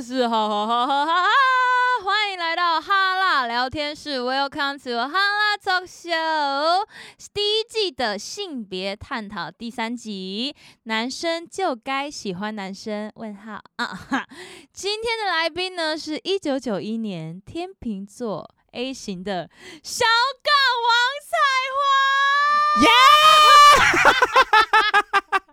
是哈哈哈哈哈！ 歡迎來到哈辣聊天室，Welcome to 哈啦 talk show 第一季的性別探討第三集，男生就該喜歡男生？問號啊哈！今天的來賓呢，是一九九一年天秤座 A 型的小港王彩花。Yeah!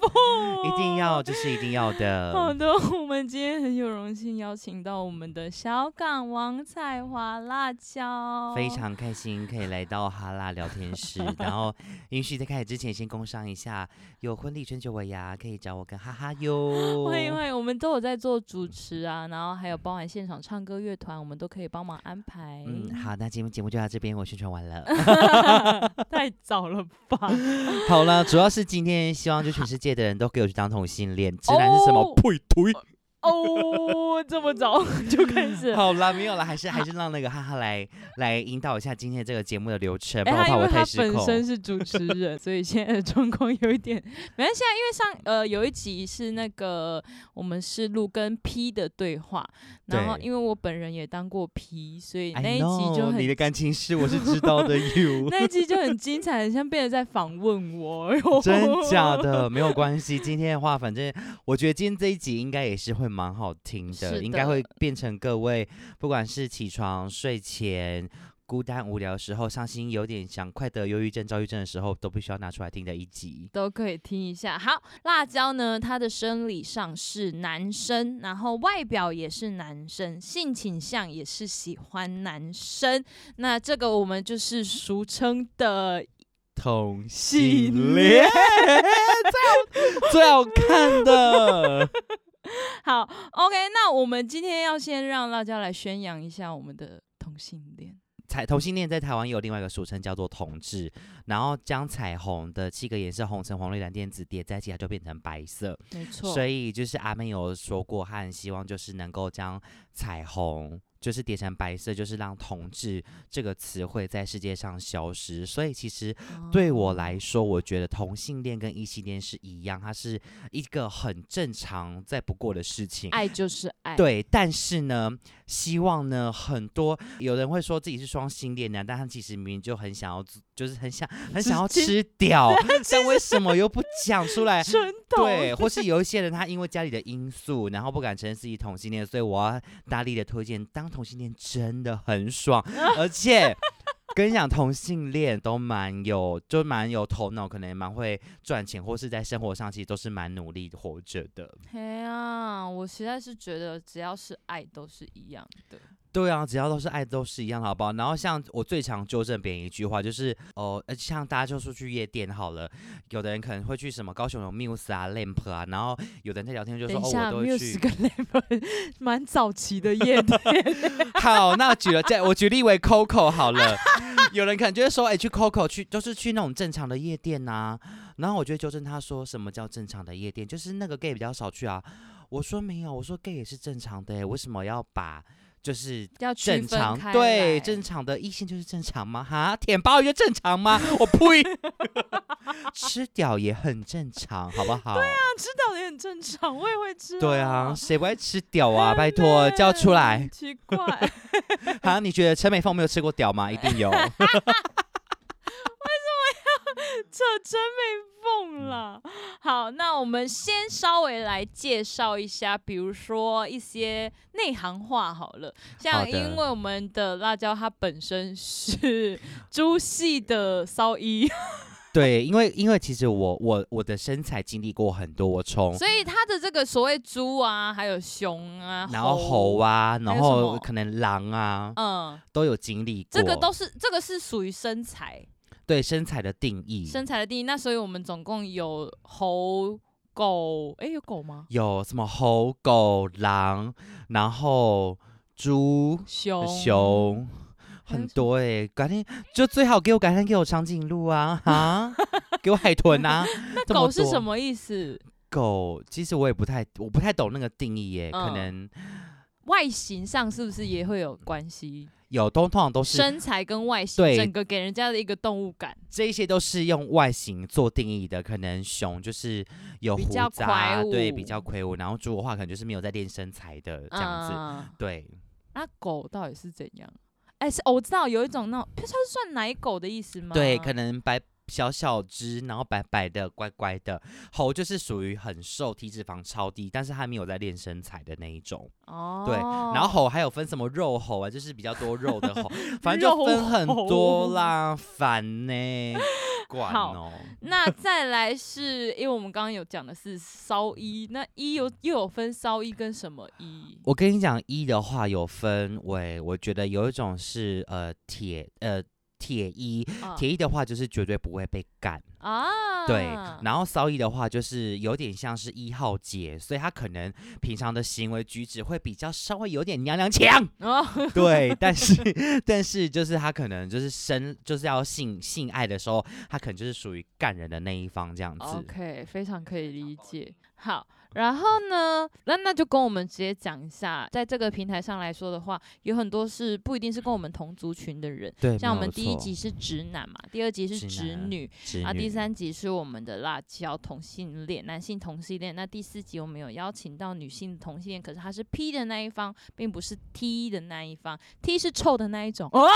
不一定要，這、就是一定要的。好的，我們今天很有榮幸邀請到我們的小港王彩華辣椒，非常開心可以來到哈辣聊天室。 然後允許在開始之前先工商一下，有婚禮春秋尾牙，啊、可以找我跟哈哈喲。歡迎歡迎，我們都有在做主持啊，然後還有包含現場唱歌樂團，我們都可以幫忙安排。嗯，好，那今天節目就到這邊，我宣傳完了。 太早了吧？好了，主要是今天希望就全世界。的人都給我去當同性戀，直男是什麼？呸呸！ 哦，這麼早就開始，嗯？好了，沒有了，還是還是讓那個哈哈來來引導一下今天這個節目的流程，不要我怕我太失控，欸啊，因為他本身是主持人， 所以現在的狀況有一點。沒關係啊，因為上呃有一集是那個我們是錄跟 P 的對話，對，然後因為我本人也當過 P，所以那一集就 I know，你的感情史我是知道的。 you 那一集就很精彩，很像別人在訪問我。哎、呦，真假的，沒有關係，今天的話，反正我覺得今天這一集應該也是會。蠻好聽的，的應該會變成各位不管是起床，睡前、孤單無聊的時候，傷心、有點想快得憂鬱症、躁鬱症的時候，都必須要拿出來聽的一集，都可以聽一下。好，辣椒呢，他的生理上是男生，然後外表也是男生，性傾向也是喜歡男生。那這個我們就是俗稱的 同性戀， 最好，最好看的。 好，OK，那我們今天要先讓辣椒來宣揚一下我們的同性戀。彩同性戀在台灣有另外一個俗稱叫做同志。嗯、然後將彩虹的七個顏色紅、橙、黃、綠、藍、靛、紫疊在一起，它就變成白色。沒錯錯，所以就是阿妹有說過，還很希望就是能夠將彩虹。就是疊成白色，就是讓“同志”這個詞彙在世界上消失。所以，其實對我來說，我覺得同性戀跟異性戀是一樣，它是一個很正常再不過的事情。愛就是愛。對，但是呢，希望呢，很多有人會說自己是雙性戀呢，但他其實明明就很想要做。就是很想很想要吃掉，就是、但為什麼又不講出來？對，或是有一些人他因為家裡的因素，然後不敢承認自己同性戀，所以我要大力的推薦，當同性戀真的很爽，啊、而且 跟你講，同性戀都蠻有，就蠻有頭腦，可能也蠻會賺錢，或是在生活上其實都是蠻努力活着的。哎呀、啊，我實在是覺得只要是愛都是一樣的。對啊，只要都是愛都是一樣，好不好？然後像我最常糾正別人一句話就是，哦，像大家就說去夜店好了。有的人可能會去什麼高雄有 Muse 啊、Lamp 啊，然後有的人在聊天就說，哦，我都會去 Muse 和 Lamp 蠻早期的夜店。 好，那舉了，我舉例為 Coco 好了。 有人可能就會說，哎、欸，去 Coco 去，就是去那種正常的夜店啊。然後我就會糾正他說，什麼叫正常的夜店？就是那個 gay 比較少去啊。我說沒有，我說 gay 也是正常的，為什麼要把？就是正常，對正常的異性就是正常嗎？哈，舔鮑魚就正常嗎？我呸、 哦！ 吃屌也很正常，好不好？對啊，吃屌也很正常，我也會吃。對啊，誰不愛吃屌啊？ 拜託，叫出來。奇怪， 哈？你覺得陳美鳳沒有吃過屌嗎？一定有。 這真被封了。好，那我們先稍微來介紹一下，比如說一些內行話好了。像因為我們的辣椒，的它本身是豬系的騷衣。對，因為因為其實我我我的身材經歷過很多，我從所以它的這個所謂豬啊，還有熊啊，然後猴啊，猴啊然後可能狼啊，嗯，都有經歷過。這個都是這個是屬於身材。對身材的定義，身材的定義，那所以我們總共有猴、狗，哎，有狗嗎？有什麼猴、狗、狼，然後豬、熊、熊，很，很多哎。改天就最好給我，改天給我長頸鹿啊，哈， 給我海豚啊。 那狗是什麼意思？狗，其實我也不太，我不太懂那個定義耶，嗯、可能。外形上是不是也會有關係？有通通常都是身材跟外形，對整個給人家的一個動物感，這一些都是用外形做定義的。可能熊就是有鬍渣啊，比較對比較魁梧，然後豬的話可能就是沒有在練身材的這樣子，啊、對。那、啊、狗到底是怎樣？哎，是我知道有一種那種，它是算奶狗的意思嗎？對，可能白。小小只，然後白白的、乖乖的猴，就是屬於很瘦、體脂肪超低，但是他沒有在練身材的那一種哦。對，然後猴還有分什麼肉猴啊，就是比較多肉的猴， 反正就分很多啦，煩呢猴，管哦、欸 那再來是， 因為我們剛剛有講的是騷一，那一又又有分騷一跟什麼一？我跟你講一的話，有分為，我覺得有一種是呃鐵呃。鐵呃鐵一，鐵一的話就是絕對不會被幹啊。對，然後騷一的話就是有點像是一號姐，所以她可能平常的行為舉止會比較稍微有點娘娘腔。哦、對，但是 但是就是她可能就是生就是要性性愛的時候，她可能就是屬於幹人的那一方這樣子。OK，非常可以理解。好。然後呢，那那就跟我們直接講一下，在這個平台上來說的話，有很多是不一定是跟我們同族群的人。對，像我們第一集是直男嘛，第二集是直女，直啊，第三集是我們的辣椒同性戀，男性同性戀。那第四集我們有邀請到女性同性戀，可是他是 P 的那一方，並不是 T 的那一方，T 是臭的那一種。哦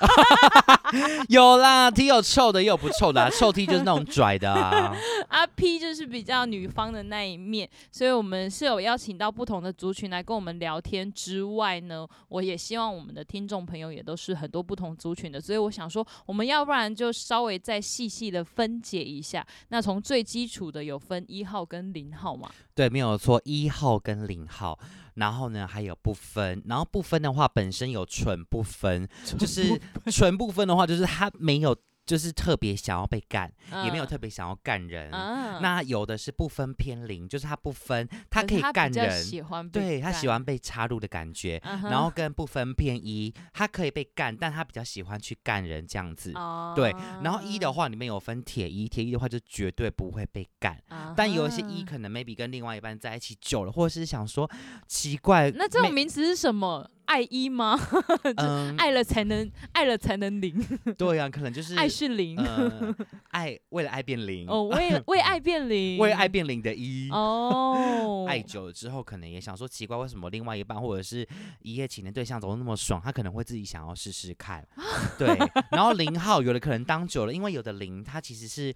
有啦，T 有臭的，也有不臭的啊。臭 T 就是那種拽的，P 啊。 RP 就是比較女方的那一面。所以，我們是有邀請到不同的族群來跟我們聊天之外呢，我也希望我們的聽眾朋友也都是很多不同族群的。所以，我想說，我們要不然就稍微再細細的分解一下。那從最基礎的，有分一號跟零號嘛？對，沒有錯，一號跟零號。然後呢？還有不分，然後不分的話，本身有純不分，不分就是純不 分的話，就是它沒有。就是特別想要被幹，嗯、也沒有特別想要幹人。嗯、那有的是不分偏零，就是他不分，他可以幹人。對，他喜歡被插入的感覺，嗯、哼然後跟不分偏一，他可以被幹，但他比較喜歡去幹人這樣子。嗯、對，然後一的話裡面有分鐵一，鐵一的話就絕對不會被幹。嗯、哼但有一些一可能 maybe 跟另外一半在一起久了，或者是想說奇怪，那這種名詞是什麼？愛一嗎？嗯 愛了才能，嗯、愛了才能零。對啊，可能就是愛是零，呃，愛為了愛變零。哦，oh, 為了為愛變零，為愛變零 的一。哦、oh，愛久了之後，可能也想說奇怪，為什麼另外一半或者是一夜情的對象總是那麼爽？他可能會自己想要試試看。 對，然後零號有的可能當久了，因為有的零他其實是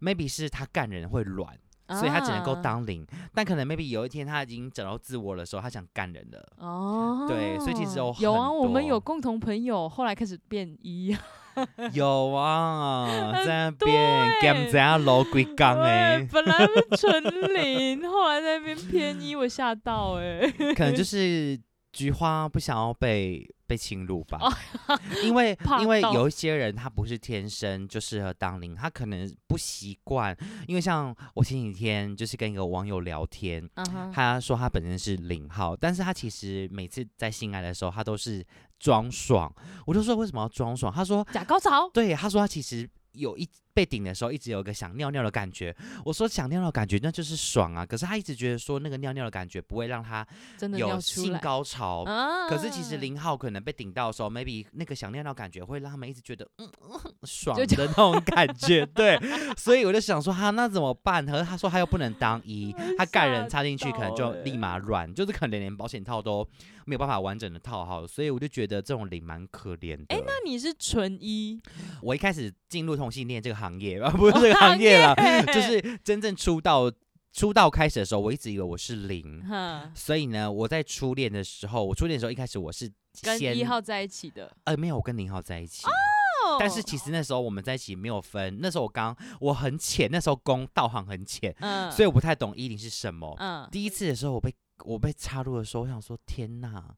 maybe 是他幹人會軟。所以他只能夠當零，啊、但可能 maybe 有一天他已經找到自我的時候，他想幹人了。哦，對，所以其實有有啊，我們有共同朋友，後來開始變一， 有啊，在那邊幹在下老鬼剛誒，本來是純零， 後來在那邊偏一，我嚇到誒、欸，可能就是。菊花不想要被被侵入吧，oh、因為 怕 因為有一些人他不是天生 就適合當零，他可能不習慣。因為像我前幾天就是跟一個網友聊天，uh huh. 他說他本身是零號，但是他其實每次在性愛的時候他都是裝爽。我就說為什麼要裝爽？他說假高潮。對，他說他其實有一。被頂的時候，一直有一個想尿尿的感覺。我說想尿尿的感覺，那就是爽啊。可是他一直覺得說那個尿尿的感覺不會讓他真的有性高潮。啊、可是其實零號可能被頂到的時候，maybe 那個想尿尿的感覺會讓他們一直覺得嗯嗯，爽的那種感覺。就就對， 所以我就想說，哈，那怎麼辦？可是他說他又不能當一，他蓋人插進去可能就立馬軟，欸、就是可能連保險套都沒有辦法完整的套好。所以我就覺得這種零蠻可憐的哎、欸，那你是純一？我一開始進入同性戀這個行。行業啊，不是這個行業了， 就是真正出道出道開始的時候，我一直以為我是零，呵所以呢，我在初戀的時候，我初戀的時候一開始我是先跟一號在一起的，呃，沒有，我跟零號在一起，哦、但是其實那時候我們在一起沒有分，那時候我剛我很淺，那時候公道行很淺，嗯、所以我不太懂一零是什麼，嗯、第一次的時候我被我被插入的時候，我想說天哪。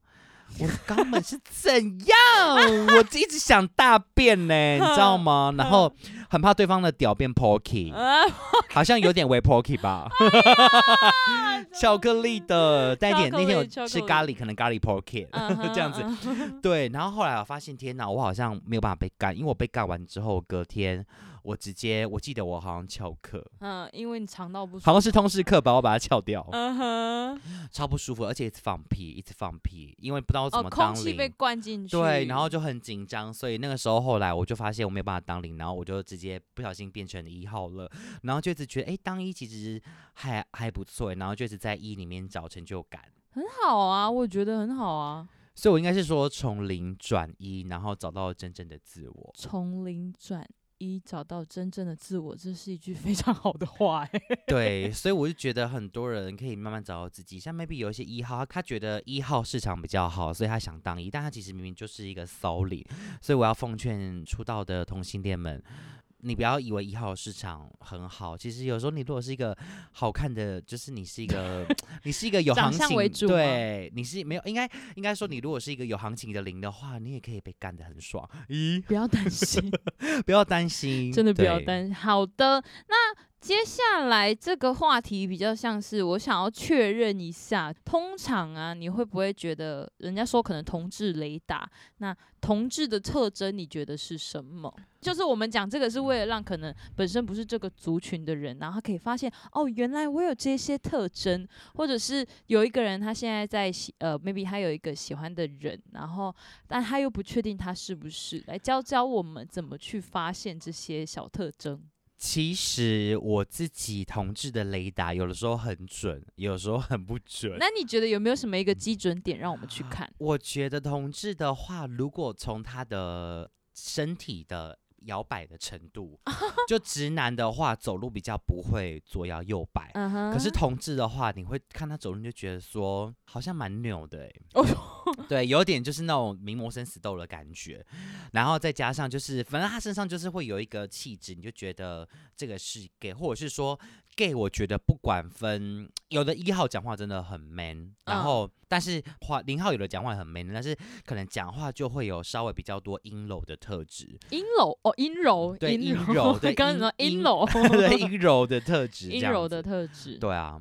我的肛門是怎樣？ 我一直想大便呢、欸， 你知道嗎？然後很怕對方的屌變 p o r k y 好像有點微 p o r k y 吧。 哎、呀 巧克力的帶 點，那天我吃咖喱，可能 咖喱 porky 這樣子。 對，然後後來我發現，天哪，我好像沒有辦法被幹，因為我被幹完之後隔天。我直接，我記得我好像翹課，嗯，因為你腸道不舒服，好像是通識課把我把它翹掉，嗯哼，超不舒服，而且一直放屁，一直放屁，因為不知道怎麼當零，空氣被灌進去，對，然後就很緊張，所以那個時候後來我就發現我沒有辦法當零，然後我就直接不小心變成一號了，然後就一直覺得哎、欸，當一其實還還不錯，然後就一直在一裡面找成就感，很好啊，我覺得很好啊，所以我應該是說從零轉一，然後找到真正的自我，從零轉。一找到真正的自我，這是一句非常好的話，欸。 對，所以我就覺得很多人可以慢慢找到自己。像 maybe 有一些一號，他覺得一號市場比較好，所以他想當一，但他其實明明就是一個騷0，所以我要奉勸出道的同性戀們。嗯嗯你不要以為一號市場很好，其實有時候你如果是一個好看的，就是你是一個， 你是一個有行情，向為主啊、對你是沒有應該應該說你如果是一個有行情的零的話，你也可以被幹得很爽。咦，不要擔心， 不要擔心，真的不要擔心。對好的，那。接下來這個話題比較像是，我想要確認一下，通常啊，你會不會覺得人家說可能同志雷達？那同志的特徵你覺得是什麼？就是我們講這個是為了讓可能本身不是這個族群的人，然後可以發現哦，原來我有這些特徵，或者是有一個人他現在在喜呃，maybe 他有一個喜歡的人，然後但他又不確定他是不是。來教教我們怎麼去發現這些小特徵。其實我自己同志的雷達，有的時候很準，有的時候很不準。那你覺得有沒有什麼一個基準點，讓我們去看？啊，我覺得同志的話，如果從他的身體的搖擺的程度， 就直男的話走路比較不會左搖右擺，嗯哼。可是同志的話，你會看他走路就覺得說，好像蠻扭的欸。 對，有點就是那種名模生死鬥的感覺，然後再加上就是，反正他身上就是會有一個氣質，你就覺得這個是給，或者是說。gay 我覺得不管分有的一號講話真的很 man，嗯、然後但是話零號有的講話很 man，但是可能講話就會有稍微比較多陰柔的特質，陰柔哦，陰柔對陰柔對什麼陰柔對陰柔的特質陰柔的特質對啊，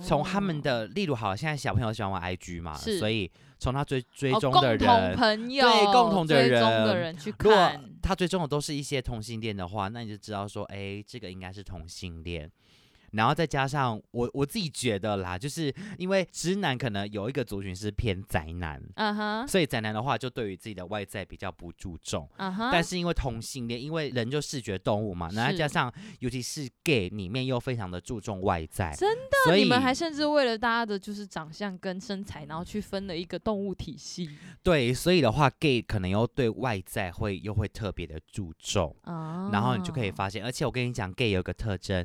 從他們的例如好像現在小朋友喜歡玩 IG 嘛，是所以從他追追蹤的人，哦、共同對共同的人、的人去看，如果他追蹤的都是一些同性戀的話，那你就知道說哎，這個應該是同性戀。然後再加上我我自己覺得啦，就是因為直男可能有一個族群是偏宅男，uh huh. 所以宅男的話就對於自己的外在比較不注重，uh huh. 但是因為同性戀，因為人就視覺動物嘛，是然後加上尤其是 gay 裡面又非常的注重外在，真的，所以你們還甚至為了大家的就是長相跟身材，然後去分了一個動物體系。對，所以的話，gay 可能又對外在會又會特別的注重，哦。Oh. 然後你就可以發現，而且我跟你講，gay 有一個特徵。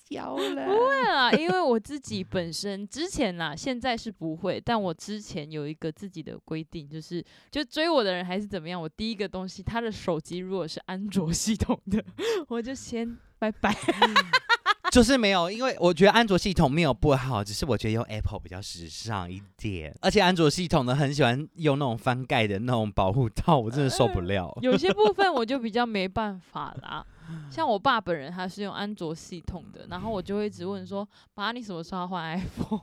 不會啊，因為我自己本身之前吶，現在是不會，但我之前有一個自己的規定，就是就追我的人還是怎麼樣，我第一個東西，他的手機如果是安卓系統的， 我就先拜拜。嗯、 就是沒有，因為我覺得安卓系統沒有不好，只是我覺得用 Apple 比較時尚一點，而且安卓系統呢，很喜歡用那種翻蓋的那種保護套，我真的受不了。呃、有些部分我就比較沒辦法啦。 像我爸本人，他是用安卓系統的，然後我就會一直問說：“爸，你什麼時候換 iPhone？”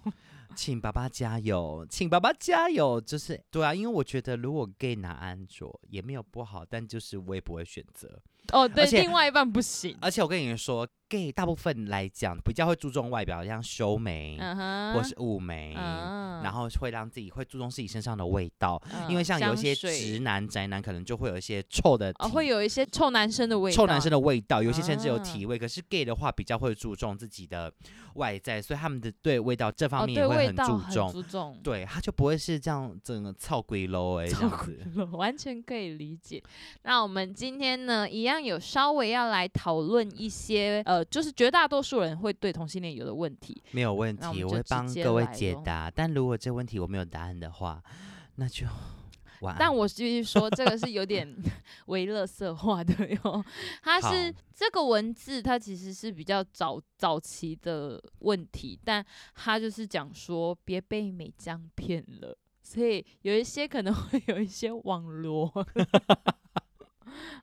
請爸爸加油，請爸爸加油，就是對啊，因為我覺得如果 gay 拿安卓也沒有不好，但就是我也不會選擇。哦，對，且另外一半不行。而且我跟你說。gay 大部分來講比較會注重外表，像修眉、uh、huh，或是霧眉，uh、huh，然後會讓自己會注重自己身上的味道，uh，因為像有一些直男香水，宅男可能就會有一些臭的、哦，會有一些臭男生的味道，臭男生的味道，有些甚至有體味。Uh huh. 可是 gay 的話比較會注重自己的外在，所以他們的對味道這方面也會很注重，哦、很注重，對，他就不會是這樣整個臭鬼嘍哎、欸，臭鬼嘍，完全可以理解，這樣子完全可以理解。那我們今天呢，一樣有稍微要來討論一些呃。就是絕大多數人會對同性戀有的問題沒有問題，嗯、我，我會幫各位解答。但如果這問題我沒有答案的話，那就……但我繼續說， 這個是有點微樂色化的喲、哦。它是好這個文字，它其實是比較早早期的問題，但他就是講說別被美江騙了，所以有一些可能會有一些網絡。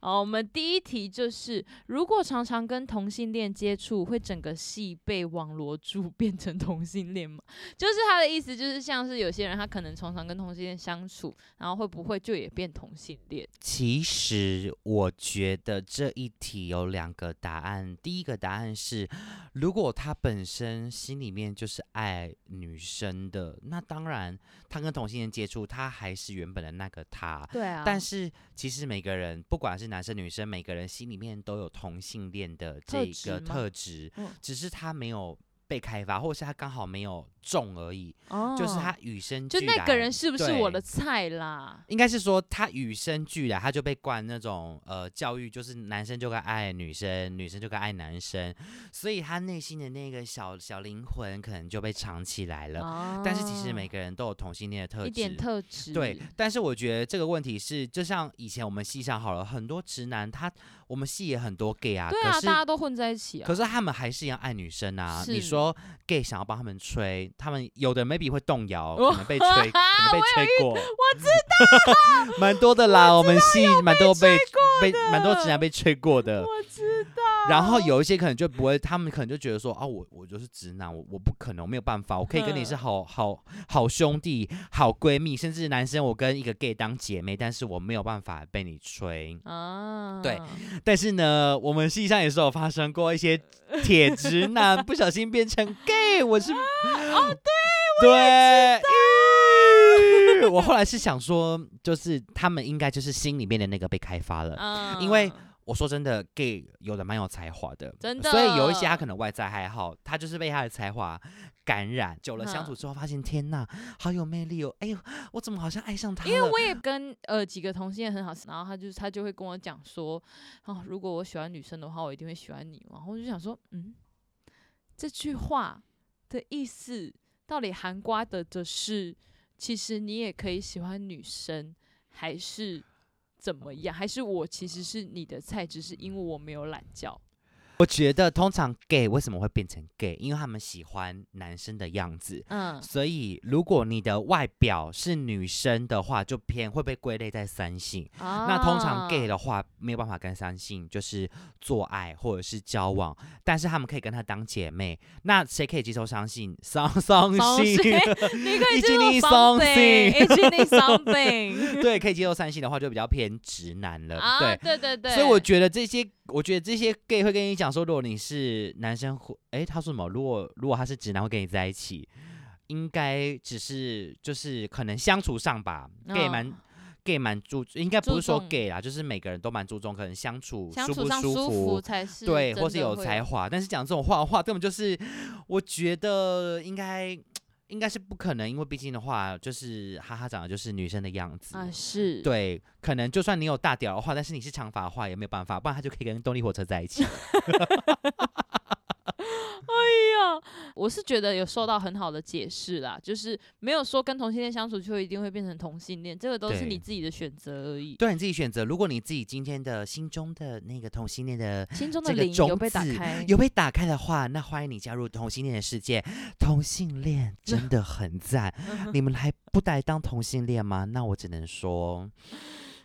好，我們第一題就是，如果常常跟同性戀接觸，會整個係被網絡住，變成同性戀嗎？就是他的意思，就是像是有些人，他可能常常跟同性戀相處，然後會不會就也變同性戀？其實我覺得這一題有兩個答案。第一個答案是，如果他本身心裡面就是愛女生的，那當然他跟同性戀接觸，他還是原本的那個他。對啊。但是其實每個人不管。還是男生女生，每個人心裡面都有同性戀的這個特質，特質嗎？只是他沒有被開發，或是他剛好沒有。重而已，哦、就是他與生俱來就那個人是不是我的菜啦？應該是說他與生俱來，他就被灌那種呃教育，就是男生就該愛女生，女生就該愛男生，所以他內心的那個小小靈魂可能就被藏起來了。哦、但是其實每個人都有同性戀的特質，一點特質。對，但是我覺得這個問題是，就像以前我們系上好了，很多直男他我們系也很多 gay 啊，對啊，是大家都混在一起啊，可是他們還是一樣愛女生啊。是你說 gay 想要幫他們吹。他們有的 maybe 會動搖，可能被吹，可能被吹過， 我，我知道，蠻 多的啦，我，我們系蠻多被被蠻多直男被吹過的，我知道。然後有一些可能就不會，他們可能就覺得說啊，我我就是直男，我我不可能，沒有辦法，我可以跟你是好呵好好兄弟，好閨蜜，甚至男生我跟一個 gay 當姐妹，但是我沒有辦法被你吹，啊，對，但是呢，我們系上也是有發生過一些鐵直男 不小心變成 gay，我是。啊哦，對，對我我後來是想說，就是他們應該就是心裡面的那個被開發了，嗯、因為我說真的，gay 有的蠻有才華的，真的。所以有一些他可能外在還好，他就是被他的才華感染，久了相處之後，發現、嗯、天吶，好有魅力哦！哎呦，我怎麼好像愛上他了？因為我也跟呃幾個同性戀也很好，然後他就是他就會跟我講說，哦，如果我喜歡女生的話，我一定會喜歡你。然後我就想說，嗯，這句話。的意思到底含瓜的的是，其實你也可以喜歡女生，還是怎麼樣？還是我其實是你的菜，只是因為我沒有懶叫。我覺得通常 gay 為什麼會變成 gay？因為他們喜歡男生的樣子，嗯，所以如果你的外表是女生的話，就偏會被歸類在三性。啊、那通常 gay 的話沒有辦法跟三性就是做愛或者是交往，但是他們可以跟他當姐妹。那誰可以接受三性？三、三性，你可以接受三性，可以接受三性，對，可以接受三性的話就比較偏直男了。啊、對對對對，所以我覺得這些，我覺得這些 gay 會跟你講。想說，如果你是男生，會、欸、哎，他說什麼？如果如果他是直男會跟你在一起，應該只是就是可能相處上吧，gay gay 蠻 gay 蠻注，應該不是說 gay 啦，注重，就是每個人都蠻注重，可能相處舒不舒服，舒服才是，對，或是有才華，但是講這種話的話，根本就是我覺得應該。應該是不可能，因為畢竟的話，就是哈哈長得就是女生的樣子啊，是對，可能就算你有大屌的話，但是你是長髮的話也沒有辦法，不然他就可以跟動力火車在一起。 我是覺得有受到很好的解釋啦，就是沒有說跟同性戀相處就一定會變成同性戀，這個都是你自己的選擇而已對。對，你自己選擇。如果你自己今天的心中的那個同性戀的心中的這個種子有被打開，有被打開的話，那歡迎你加入同性戀的世界。同性戀真的很讚， 你們還不來當同性戀嗎？那我只能說。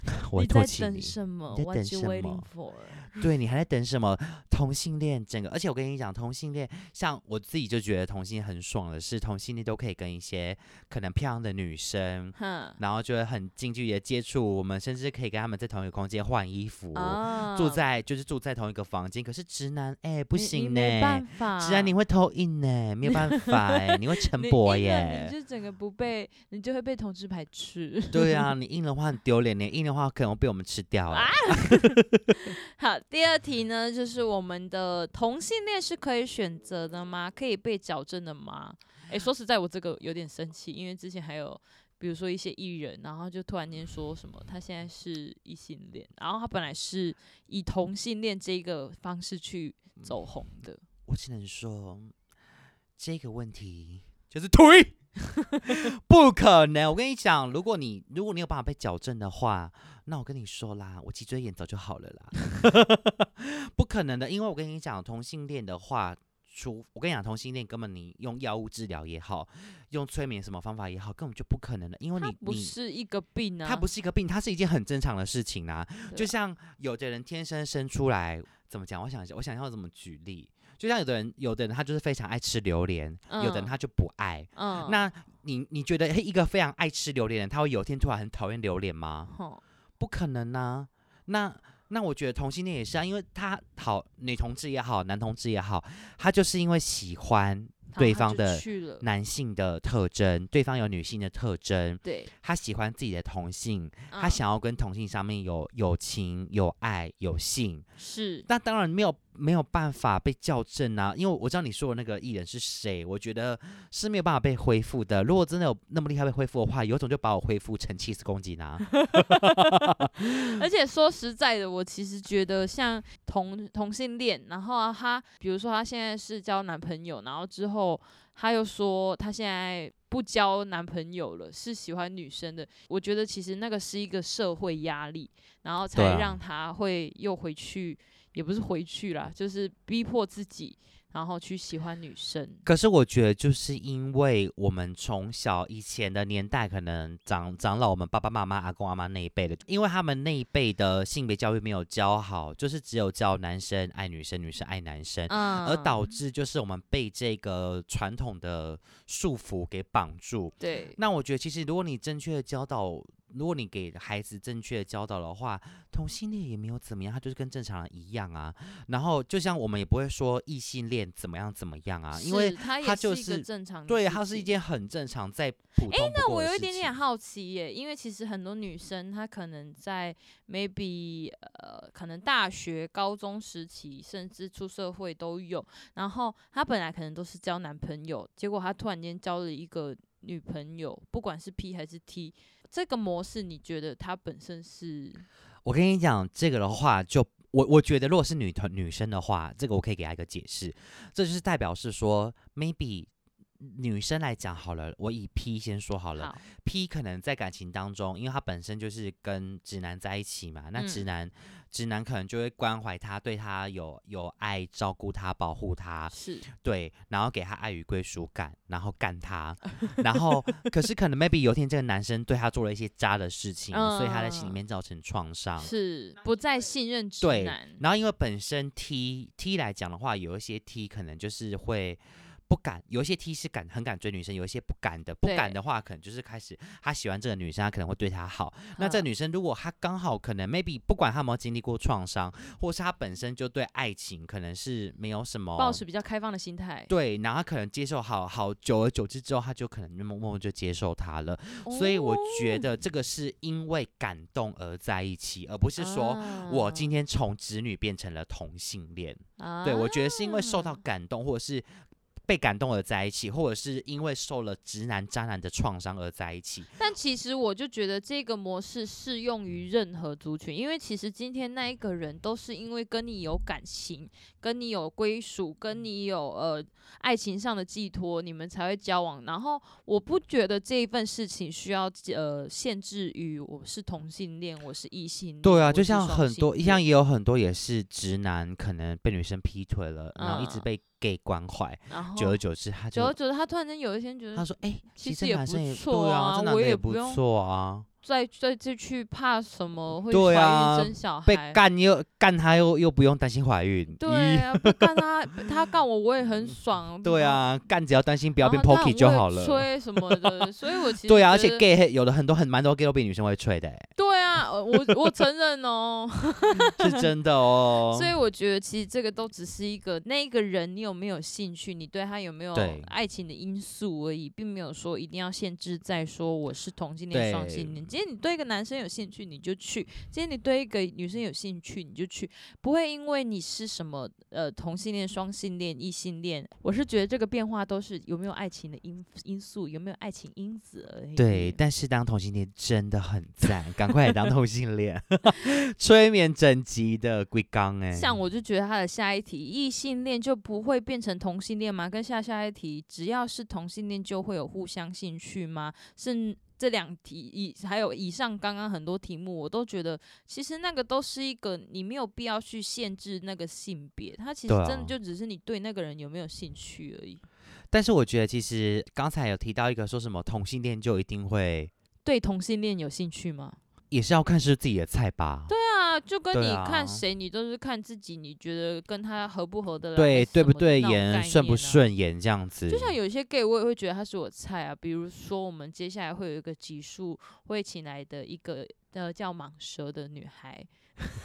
我你，你在等什麼？在等什麼？you 對，你還在等什麼？同性戀整個，而且我跟你講，同性戀像我自己就覺得同性戀很爽的是，同性戀都可以跟一些可能漂亮的女生，哈然後就會很近距離的接觸，我們甚至可以跟他們在同一個空間換衣服，啊、住在就是住在同一個房間。可是直男哎、欸、不行呢、欸，直男你，你、啊、你會偷硬呢，沒有辦法哎、欸， 你會晨勃耶，你就整個不被，你就會被同志排斥。對啊，你硬的話很丟臉呢，硬。的話可能被我們吃掉了。啊、 好，第二題呢，就是我們的同性戀是可以選擇的嗎？可以被矯正的嗎？哎、欸，說實在，我這個有點生氣，因為之前還有比如說一些藝人，然後就突然間說什麼他現在是異性戀，然後他本來是以同性戀這個方式去走紅的、嗯。我只能說，這個問題就是退。 不可能！我跟你講，如果你如果你有辦法被矯正的話，那我跟你說啦，我脊椎炎早就好了啦。 不可能的，因為我跟你講，同性戀的話，除我跟你講，同性戀根本你用藥物治療也好，用催眠什麼方法也好，根本就不可能的，因為你不是一個病啊，它不是一個病，它是一件很正常的事情啊。對就像有的人天生生出來，怎麼講？我想，我想要怎麼舉例？就像有的人，有的人他就是非常愛吃榴蓮，嗯、有的人他就不愛。嗯，那你你覺得一個非常愛吃榴蓮的人，他會有一天突然很討厭榴蓮嗎？哦、不可能啊！那那我覺得同性戀也是啊，因為他好女同志也好，男同志也好，他就是因為喜歡對方的男性的特徵，對方有女性的特徵，對，他喜歡自己的同性，嗯、他想要跟同性上面有友情、有愛、有性，是。那當然沒有。沒有辦法被校正啊，因為我知道你說的那個藝人是誰，我覺得是沒有辦法被恢復的。如果真的有那麼厲害被恢復的話，有種就把我恢復成七十公斤啊！ 而且說實在的，我其實覺得像同同性戀，然後、啊、他比如說他現在是交男朋友，然後之後他又說他現在不交男朋友了，是喜歡女生的。我覺得其實那個是一個社會壓力，然後才讓他會又回去。也不是回去啦，就是逼迫自己，然後去喜歡女生。可是我覺得，就是因為我們從小以前的年代，可能長長老我們爸爸媽媽、阿公阿媽那一輩的，因為他們那一輩的性別教育沒有教好，就是只有教男生愛女生，女生愛男生，嗯，而導致就是我們被這個傳統的束縛給綁住。對，那我覺得其實如果你正確的教導。如果你給孩子正確的教導的話，同性戀也沒有怎麼樣，他就是跟正常人一樣啊。然後就像我們也不會說異性戀怎麼樣怎麼樣啊，因為他就是，是，他是一個正常，對，他是一件很正常在普通的。哎，那我有一點點好奇耶，因為其實很多女生她可能在 maybe 呃，可能大學、高中時期，甚至出社會都有。然後她本來可能都是交男朋友，結果她突然間交了一個女朋友，不管是 P 還是 T。這個模式，你覺得它本身是？我跟你講，這個的話就，就我我覺得，如果是女團女生的話，這個我可以給她一個解釋，這就是代表是說，maybe。女生來講好了，我以 P 先說好了。好 P 可能在感情當中，因為他本身就是跟直男在一起嘛，那直男、嗯、直男可能就會關懷他，對他有有愛，照顧他，保護他，是對，然後給他愛與歸屬感，然後幹他， 然後可是可能 maybe 有一天這個男生對他做了一些渣的事情， 所以他在心裡面造成創傷，是不再信任直男對。然後因為本身 T T 來講的話，有一些 T 可能就是會。不敢，有一些 T 是敢很敢追女生，有一些不敢的。不敢的話，對可能就是開始他喜歡這個女生，他可能會對她好。啊、那這女生如果她剛好可能 maybe 不管她有沒有經歷過創傷，或是她本身就對愛情可能是沒有什麼保持比較開放的心態。對，然後她可能接受好好，久而久之之後，她就可能就默默就接受他了。哦、所以我覺得這個是因為感動而在一起，而不是說我今天從直女變成了同性戀。啊、對我覺得是因為受到感動，或者是。被感動而在一起，或者是因為受了直男渣男的創傷而在一起。但其實我就覺得這個模式適用於任何族群，因為其實今天那一個人都是因為跟你有感情、跟你有歸屬、跟你有呃愛情上的寄托，你們才會交往。然後我不覺得這一份事情需要呃限制於我是同性戀，我是異性戀。對啊，就像很多，一樣，也有很多也是直男，可能被女生劈腿了，嗯、然後一直被。gay 關懷，久而久之，他久而久之，他突然間有一天覺得，他說：“哎，其實男生也不錯啊，我也不錯啊，再再再去怕什麼會？對啊，被幹又幹他又又不用擔心懷孕，對啊，幹他他幹我我也很爽，對啊，幹只要擔心不要變 pokey 就好了，吹什麼的，所以我其實對啊，而且 gay 有的很多很蠻多 gay 都比女生會吹的，對。” 我我承認哦， 是真的哦，所以我覺得其實這個都只是一個那一個人你有沒有興趣，你對他有沒有愛情的因素而已，對並沒有說一定要限制在說我是同性戀、雙性戀。今天你對一個男生有興趣，你就去，今天你對一個女生有興趣，你就去，不會因為你是什麼呃同性戀、雙性戀、異性戀，我是覺得這個變化都是有沒有愛情的因因素，有沒有愛情因子而已。對，但是當同性戀真的很讚，趕 快當。同性戀， 催眠整集的鬼剛哎，像我就覺得他的下一題，異性戀就不會變成同性戀嗎？跟下下一題，只要是同性戀就會有互相興趣嗎？是這兩題以還有以上剛剛很多題目，我都覺得其實那個都是一個你沒有必要去限制那個性別，它其實真的就只是你對那個人有沒有興趣而已。哦、但是我覺得其實剛才有提到一個說什麼同性戀就一定會對同性戀有興趣嗎？也是要看是自己的菜吧。對啊，就跟你看誰，啊、你都是看自己，你覺得跟他合不合得來，對對不對眼，啊、順不順眼這樣子。就像有些 gay，我也會覺得他是我菜啊。比如說，我們接下來會有一個集數會請來的一個呃叫蟒蛇的女孩。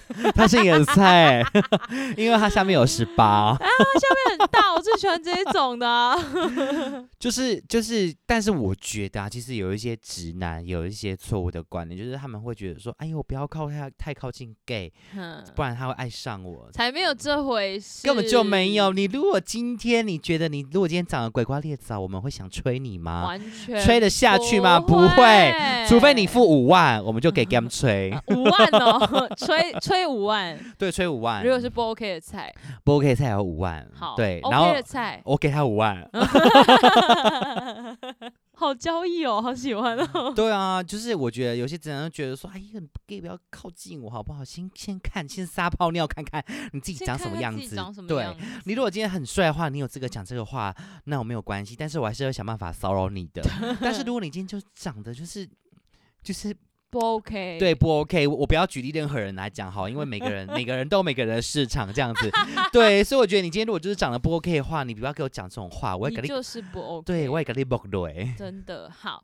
他是野菜。 因為他下面有十八、啊。哎呀，他下面很大， 我最喜歡這一種的、啊。 就是就是，但是我覺得啊，其實有一些直男有一些錯誤的觀念，就是他們會覺得說，哎呦，不要靠太太靠近 gay，、嗯、不然他會愛上我。才沒有這回事，根本就沒有。你如果今天你覺得你如果今天長得鬼瓜裂棗、啊，我們會想吹你嗎？完全吹得下去嗎？不會，不會除非你付五萬，我們就給 game 吹、啊、五萬哦，吹。 吹，吹五萬，對，吹五萬。如果是不 OK 的菜，不 OK 的菜有五萬。好對，然後、OK、的菜我給他五萬， 好交易哦，好喜歡哦。對啊，就是我覺得有些人覺得說，哎呦，你不給不要靠近我好不好？先先看，先撒泡尿看看你自己長什麼樣子。對 你如果今天很帥的話，你有資格講這個話，那我沒有關係。但是我還是要想辦法騷擾你的。 但是如果你今天就長得就是就是。不 OK，對不 OK，我，我不要舉例任何人來講好，因為每個人每個人都有每個人的市場 這樣子，對，所以我覺得你今天如果就是長得不 OK 的話，你不要給我講這種話，我也給你，你就是不 OK，對我也跟你不對，真的好。